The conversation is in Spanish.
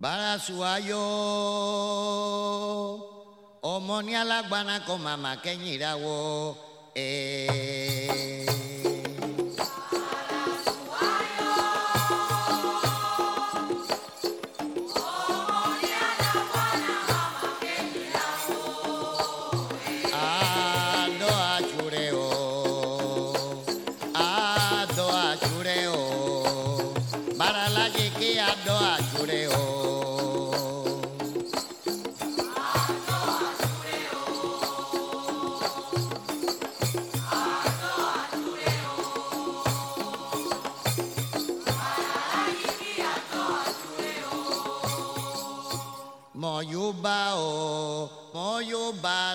Para su ayo, o la guana con mamá que ni la su ayo, o eh. la guana, mamá que ni Ando a chureo, ando a para la chica ando a My yóò ọ mo yóò oh, bá